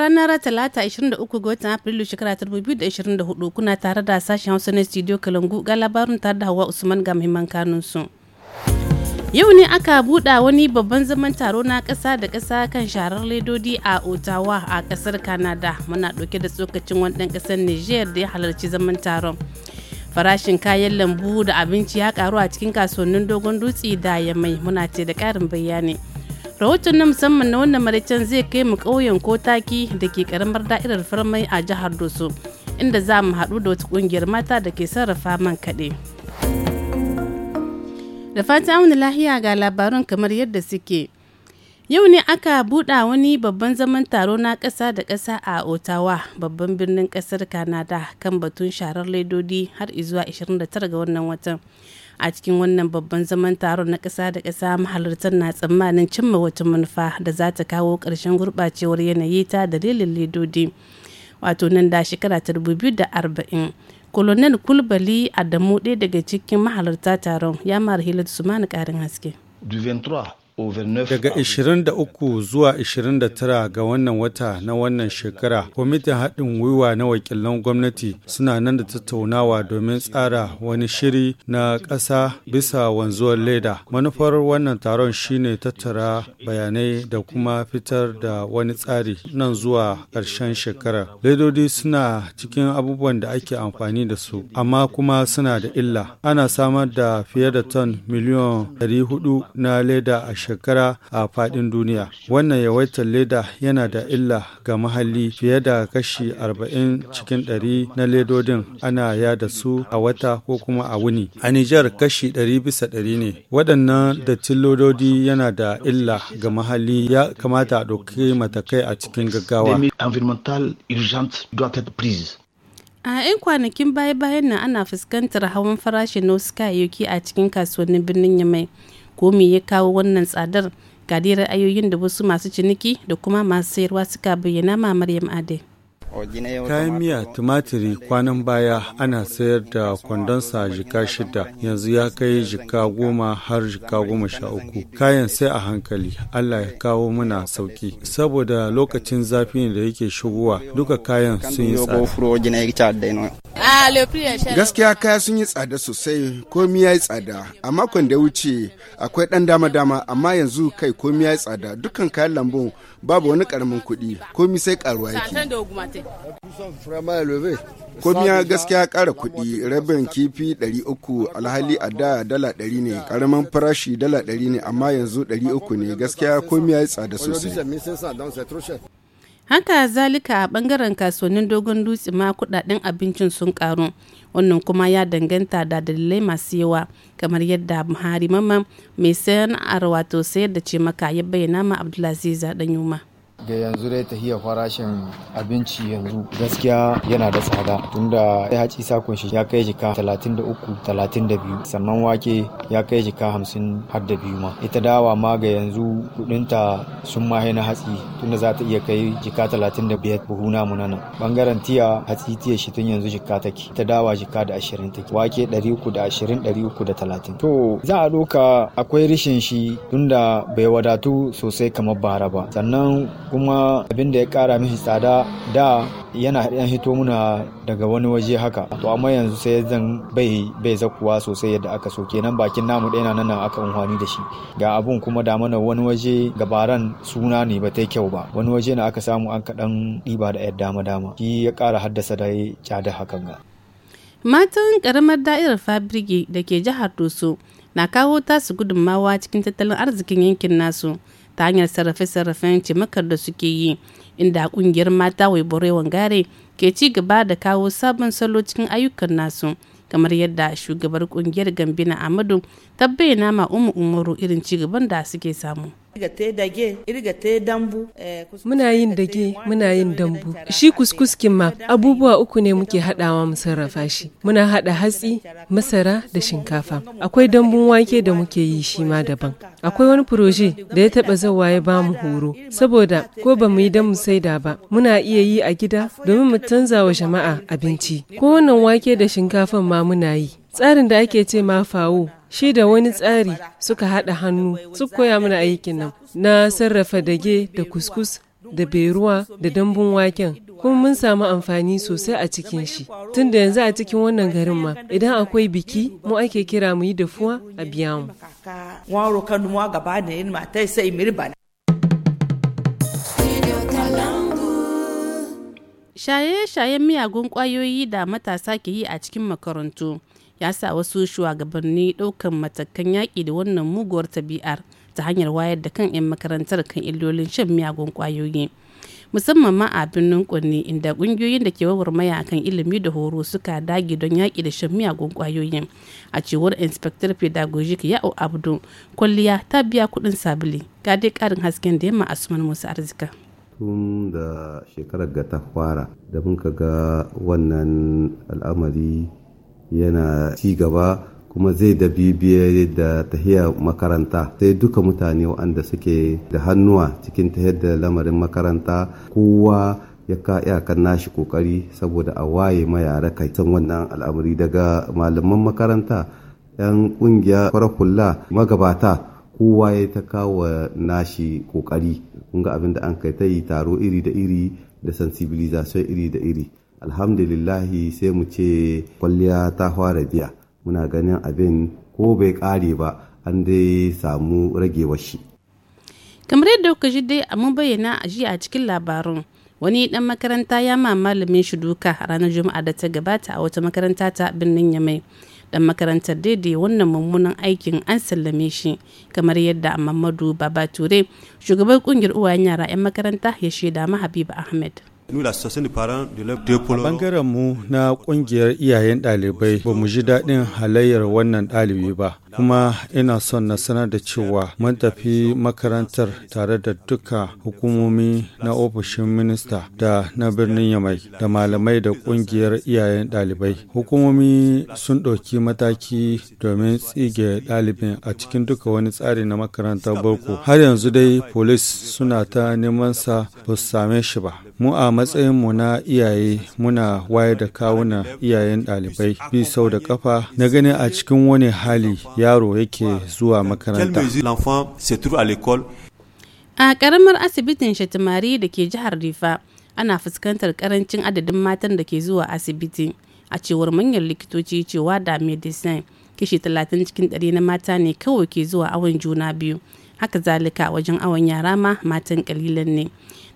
ranar talata 23 ga watan afrilu shekara 2024 kuna tare da sashen hausa na studio kalangu ga labarin tare da hawa usman ga muhimman kanun su yau ne aka buɗa wani babban zaman taro na ƙasa da ƙasa kan sharar ledodi a ottawa a ƙasar canada muna ɗauke da tsokacin wani ɗan ƙasar niger da ya halarci zaman taron farashin kayan lambu da abinci ya karu a cikin kasuwannin dogon dutse da yamai muna ce da ƙarin bayani rahoton na musamman na wannan maraicen zai kai mu ƙauyen kotaki da ke karamar da'irar farmai a jihar doso inda za mu haɗu da wata ƙungiyar mata da ke sarrafa man kaɗe da fata auna lahiya ga labarun kamar yadda suke yau ne aka buɗa wani babban zaman taro na ƙasa da ƙasa a otawa babban birnin ƙasar kanada kan batun sharar ledodi har izuwa 29 ga wannan watan a cikin wannan babban zaman taron na ƙasa da ƙasa mahalartan na tsammanin cimma wata manufa da za ta kawo ƙarshen gurɓacewar yanayi ta dalilin ledodi wato nan da shekara ta arba'in. kolonel kulbali adamu ɗaya daga cikin mahalarta taron ya mara hilar su ni ƙarin haske. Daga 23 zuwa 29 ga wannan wata na wannan shekara, kwamitin haɗin gwiwa na wakilan gwamnati suna nan da tattaunawa domin tsara wani shiri na ƙasa bisa wanzuwar leda. Manufar wannan taron shine tattara bayanai da kuma fitar da wani tsari nan zuwa ƙarshen shekara. Ledodi suna cikin abubuwan da ake amfani da su, amma kuma suna da illa. Ana samar da fiye da ton miliyan 400 na leda a shekara a fadin duniya. Wannan yawaitar leda yana da illa ga mahalli fiye da kashi 40 cikin 100 na ledodin ana yada su a wata ko kuma a wuni. A Nijar kashi 100 bisa 100 ne. Waɗannan dattin lododi yana da illa ga mahalli ya kamata a ɗauki matakai a cikin gaggawa. A 'yan kwanakin baya-bayan nan ana fuskantar hawan farashin wasu kayayyaki a cikin kasuwannin birnin Yamai. ko me ya kawo wannan tsadar ga ra'ayoyin da wasu masu ciniki da kuma masu sayarwa suka bayyana ma maryam ade kayan miya tumatiri kwanan baya ana sayar da kwandonsa jika shida yanzu ya kai jika goma har jika goma sha uku kayan sai a hankali allah ya kawo mana sauki saboda lokacin zafi ne da yake shigowa duka kayan sun yi tsada gaskiya kaya sun yi tsada sosai komi ya yi tsada a makon da wuce akwai dan dama-dama amma yanzu kai komi ya yi tsada dukkan kayan lambun babu wani karamin kuɗi komi sai karuwa yake Komi ya gaskiya ƙara kuɗi rabin kifi 300 alhali a da dala 100 ne ƙaramin farashi dala 100 ne amma yanzu 300 ne gaskiya komi ya tsada sosai. haka zalika a bangaren kasuwannin dogon dutse ma kudaden abincin sun karu wannan kuma ya danganta da dalilai masu yawa kamar yadda buhari mamman mai sayan arwato sayar da ce maka ya bayyana ma abdulaziz zaɗan yuma da yanzu dai ta tahiya farashin abinci yanzu gaskiya yana da tsada tunda ya haci e sakon shi ya kai jika 33 32 sannan wake ya kai jika 50 har da biyu ma ita dawa ma ga yanzu kudinta sun ma na hatsi tunda za ta iya kai jika 35 buhu namu nan bangaren tiya hatsi tiya shi tun yanzu jika take ita dawa jika da 20 take wake 320 330 to za a doka akwai rishin shi tunda bai wadatu sosai kamar bara ba sannan kuma abin da ya kara mishi tsada da yana yan hito muna daga wani waje haka to amma yanzu sai zan bai bai zakuwa sosai yadda aka so nan bakin namu ɗaya na nan aka amfani da shi ga abun kuma da mana wani waje gabaran suna ne ba ta kyau ba wani waje na aka samu an kaɗan ɗiba da yar dama dama shi ya ƙara haddasa da ya hakan ga matan karamar da'irar fabrigi da ke jihar doso na kawo tasu gudunmawa cikin tattalin arzikin yankin nasu ta hanyar sarrafe-sarrafen cimakar da suke yi inda kungiyar mata waibore gare ke ci gaba da kawo sabon salo cikin ayyukan nasu kamar yadda shugabar kungiyar gambina amadu ta bayyana ma umu umaru irin ci gaban da suke samu Eh, muna yin dage, muna yin dambu. Shi kuskuskin ma abubuwa uku ne muke haɗawa mu sarrafa shi. Muna haɗa hatsi, masara da shinkafa. Akwai dambun wake da muke yi shi ma daban. Akwai wani furoje da ya taɓa zawa ya ba mu horo. Saboda ko ba mu yi dan mu saida ba, muna iya yi a gida domin mu canza wa jama'a abinci. Ko wannan wake da shinkafan ma muna yi. Tsarin da ake ce ma fawo shi da wani tsari suka haɗa hannu su koya mana aikin nan na sarrafa dage da kuskus da beruwa da dambun waken kuma mun samu amfani sosai a cikin shi tun da yanzu a cikin wannan garin ma idan akwai biki mu ake kira mu yi dafuwa a biya mu shaye-shayen miyagun kwayoyi da matasa ke yi a cikin makarantu ya sa wasu shugabanni ɗaukan matakan yaƙi da wannan muguwar tabi'ar ta hanyar wayar da kan 'yan makarantar kan illolin shan miyagun ƙwayoyi musamman ma a birnin kunni inda ƙungiyoyin da ke wawarmaya kan ilimi da horo suka dage don yaƙi da shan miyagun ƙwayoyin a cewar inspector pedagogic ya'o abdu kwalliya ta biya kuɗin sabili ga dai ƙarin hasken da yamma asuman musu arzika tun da shekarar ga ta fara da mun ga wannan al'amari yana ci gaba kuma zai da bibiye da tahiyar makaranta sai duka mutane waɗanda suke da hannuwa cikin tahiyar da lamarin makaranta kowa ya ka iyakan nashi kokari saboda a waye ma yara kai san wannan al'amari daga malaman makaranta 'yan ƙungiya farakulla magabata kowa ya ta kawo nashi kokari kun ga abin da an kai ta yi taro iri da iri da sensibilisation iri da iri alhamdulillahi sai mu ce kwalliya ta fara biya muna ganin abin ko bai kare ba an dai samu ragewar shi kamar yadda kuka ji dai mun bayyana a jiya a cikin labarun wani dan makaranta ya ma malamin shi duka ranar juma'a da ta gabata a wata makaranta ta birnin yamai dan makarantar daidai wannan mummunan aikin an sallame shi kamar yadda mamadu babature shugaban kungiyar uwayen yara 'yan makaranta ya shaida ma habiba ahmed A bangaren mu na kungiyar iyayen ɗalibai ba mu ji daɗin halayyar wannan ɗalibi ba, kuma ina son na sanar da cewa mun tafi makarantar tare da duka hukumomi na ofishin minista da na birnin Yamai da malamai da kungiyar iyayen ɗalibai. Hukumomi sun ɗauki mataki domin tsige ɗalibin a cikin duka wani tsari na makarantar boko. Har yanzu dai polis suna ta neman sa ba su same shi ba. Mu a matsayinmu na iyaye muna wayar da kawuna iyayen ɗalibai bi sau da kafa na gani a cikin wani hali yaro yake zuwa makaranta. A ƙaramar asibitin Shatimari da ke jihar Rifa ana fuskantar ƙarancin adadin matan da ke zuwa asibiti a cewar manyan likitoci cewa da medicine kishi 30 cikin 100 na mata ne kawai ke zuwa awon juna biyu haka zalika wajen awon yara ma matan kalilan ne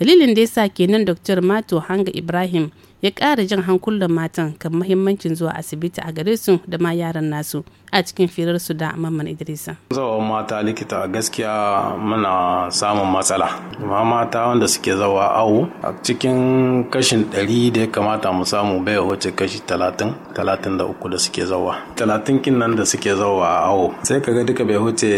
dalilin da ya sa kenan dr mato hanga ibrahim ya ƙara jan hankulan matan kan mahimmancin zuwa asibiti a gare su da ma yaran nasu a cikin firar su da mamman idrisa zawa mata likita gaskiya muna samun matsala amma mata wanda suke zawa awo a cikin kashin 100 da ya kamata mu samu bai wuce kashi 30 talatin da suke zawa 30 kin nan da suke zawa awo sai kaga duka bai wuce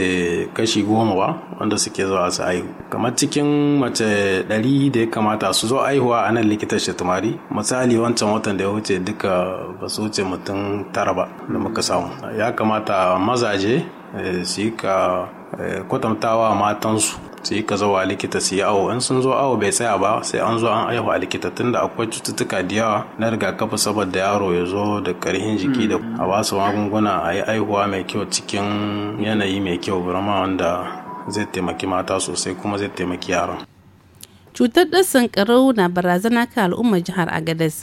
kashi goma ba wanda suke zawa su aihu kamar cikin mace 100 da ya kamata su zo aihuwa a nan likita shatumari misali wancan watan da ya wuce duka ba su wuce mutum tara ba da muka samu ya kamata mazaje eh, su yi ka eh, kwatantawa matansu su yi ka a likita su yi awo in sun zo awo bai tsaya ba sai an zo an aihu a likita tunda akwai cututtuka da yawa na rigakafi saboda yaro ya zo da karhin jiki da a ba su magunguna a yi aihuwa mai kyau cikin yanayi mai kyau burama wanda zai taimaki mata sosai kuma zai taimaki yaran cutar ɗan sankarau na barazana kan al'ummar jihar agadas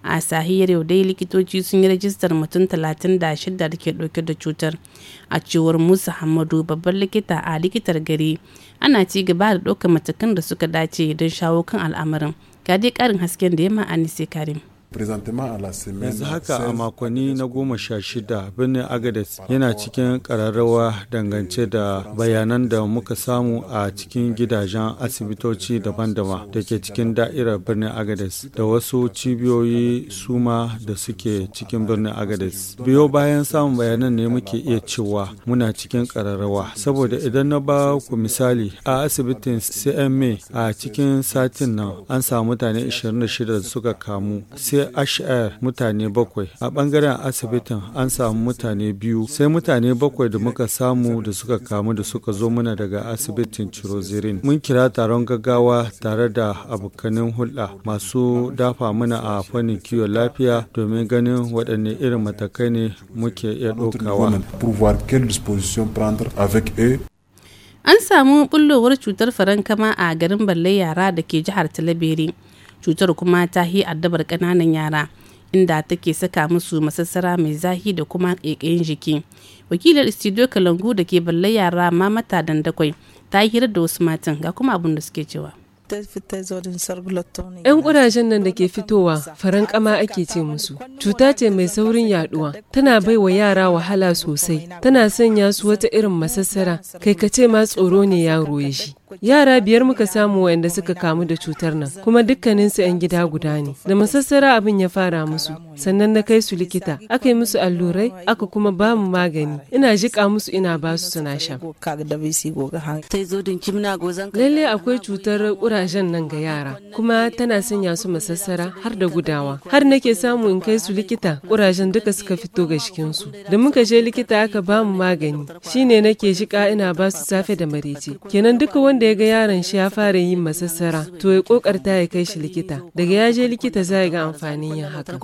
a sahiyar yau dai likitoci sun yi rajistar mutum 36 da ke ɗauke da cutar a cewar musa hamadu babban likita a likitar gari ana ci gaba da ɗaukar matakan da suka dace don shawo kan al'amarin ga dai ƙarin hasken da ya ma'ani sai karim yanzu haka a makonni na goma sha shida birnin agades yana cikin kararrawa dangance da bayanan da muka samu a cikin gidajen asibitoci daban-daban da ke cikin da'irar birnin agades da wasu cibiyoyi suma da suke cikin birnin agades biyo bayan samun bayanan ne muke iya cewa muna cikin kararrawa saboda idan na ba ku misali a asibitin cma a cikin satin nan an samu mutane 26 da suka kamu sai hr mutane bakwai a bangaren asibitin an samu mutane biyu sai mutane bakwai da muka samu da suka kamu da suka zo mana daga asibitin cirozirin mun kira taron gaggawa tare da abokanin hulɗa masu dafa mana a fannin kiwon lafiya domin ganin waɗanne irin matakai ne muke iya ɗaukawa an samu bullowar cutar farankama a garin balle yara da ke jihar talabere cutar kuma ta yi addabar ƙananan yara inda take saka musu masassara mai zahi da kuma ƙaiƙayin jiki wakilar studio kalangu da ke balle yara ma mata dandakwai ta hira da wasu matan ga kuma abin da suke cewa ‘Yan ƙurajen nan da ke fitowa faran kama ake ce musu, cuta ce mai saurin yaduwa, tana bai wa yara wahala sosai, tana sanya su wata irin masassara, kai ka ce ma tsoro ne yaro ya shi. Yara biyar muka samu wayanda suka kamu da cutar nan, kuma dukkaninsu 'yan gida guda ne. Da masassara abin ya fara musu, sannan na kai su likita, aka yi musu allurai, aka kuma ba mu magani. Ina jiƙa musu ina ba su suna sha. Lallai akwai cutar ƙurajen nan ga yara, kuma tana sanya su masassara har da gudawa. Har nake samu in kai su likita, ƙurajen duka suka fito ga jikinsu. Da muka je likita aka ba mu magani, shine nake jiƙa ina ba su safe da marece. Kenan duka wanda da ya ga yaron shi ya fara yin masassara to ya kokarta ya kai shi likita daga ya je likita za ya ga amfanin yin haka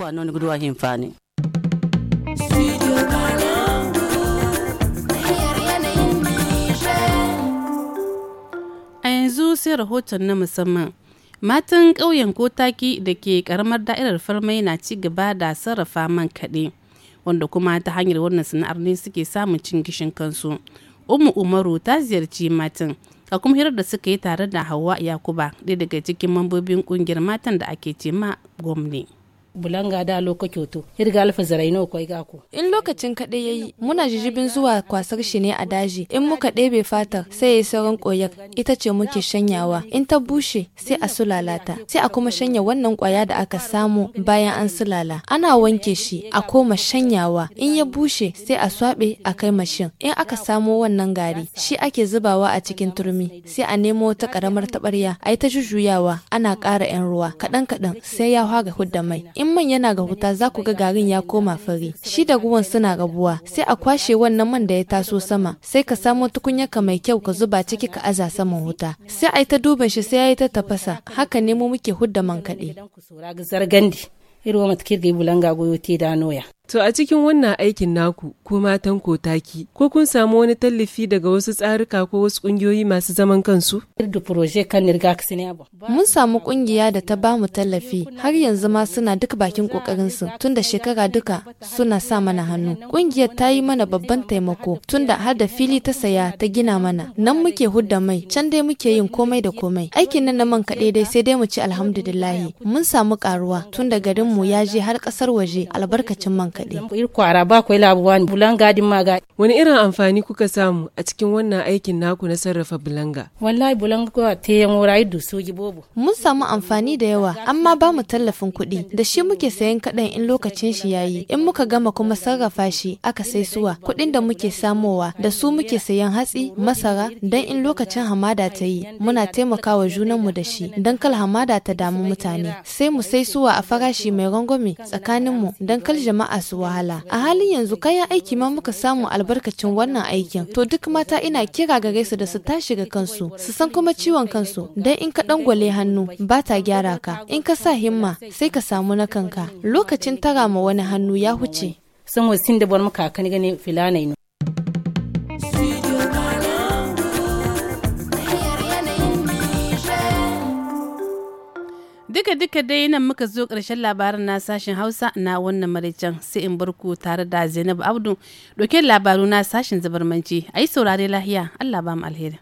a yanzu sai rahoton na musamman matan ƙauyen kotaki da ke karamar da'irar farmai na ci gaba da sarrafa man kaɗe wanda kuma ta hanyar wannan sana'ar ne suke samun cin gishin kansu umu umaru ta ziyarci matan ga kuma hirar da suka yi tare da hawa yakuba ɗaya daga cikin mambobin ƙungiyar matan da ake ce ma bulanga da loka kyoto irga alfa na koi gako in lokacin kaɗai yayi muna jijibin zuwa kwasar shi ne a daji in muka ɗebe fatar sai yi sauran koyar ita ce muke shanyawa in ta bushe sai a sulalata sai a kuma shanya wannan kwaya da aka samu bayan an sulala ana wanke shi a koma shanyawa in ya bushe sai a swabe a kai mashin in aka samo wannan gari shi ake zubawa a cikin turmi sai a nemo wata karamar taɓarya a yi ta jujjuyawa ana kara 'yan ruwa kaɗan kaɗan sai ya haga hudda mai in man yana ga wuta za ku ga garin ya koma fari shi da ruwan suna rabuwa sai a kwashe wannan man da ya taso sama sai ka samo tukunyarka mai kyau ka zuba ciki ka aza saman wuta sai a yi ta duban shi sai ya yi ta tafasa haka ne mu muke hudda man kaɗe. To a cikin wannan aikin naku ko matan ko taki ko kun samu wani tallafi daga wasu tsarika ko wasu kungiyoyi masu zaman kansu? Mun samu kungiya da ta bamu tallafi har yanzu ma suna duk bakin kokarinsu tun da shekara duka suna sa mana hannu. Kungiyar ta yi mana babban taimako tunda har da fili ta saya ta gina mana. Nan muke hudda mai can dai muke yin komai da komai. Aikin nan na man kaɗai dai sai dai mu ci alhamdulillahi. Mun samu karuwa tunda garinmu ya je har ƙasar waje albarkacin man kaɗe. kwara ba kwai labuwa bulanga din maga. Wani irin amfani kuka samu a cikin wannan aikin naku na sarrafa bulanga? Wallahi bulanga ta dusu gibobo. Mun samu amfani da yawa amma ba mu tallafin kuɗi da shi muke sayan kaɗan in lokacin shi ya yi, in muka gama kuma sarrafa shi aka sai suwa kuɗin da muke samowa da su muke sayan hatsi masara dan in lokacin hamada ta yi muna taimakawa mu da shi don kal hamada ta damu mutane sai mu sai suwa a farashi mai rangwame tsakaninmu don kal jama'a masu wahala. A halin yanzu kayan aiki ma muka samu albarkacin wannan aikin. To duk mata ina kira ga gaisu da su tashi ga kansu, su san kuma ciwon kansu. Dan in ka dan gwale hannu ba ta gyara ka. In ka sa himma sai ka samu na kanka. Lokacin tara ma wani hannu ya huce. sun wasu da bar maka gani filanai ne Duka duka dai nan muka zo ƙarshen labarin na sashen Hausa na wannan maraicen sai in barku tare da Zainab Abdu ɗauke labaru na sashen zabarmanci. A yi saurare lahiya Allah ba mu alheri.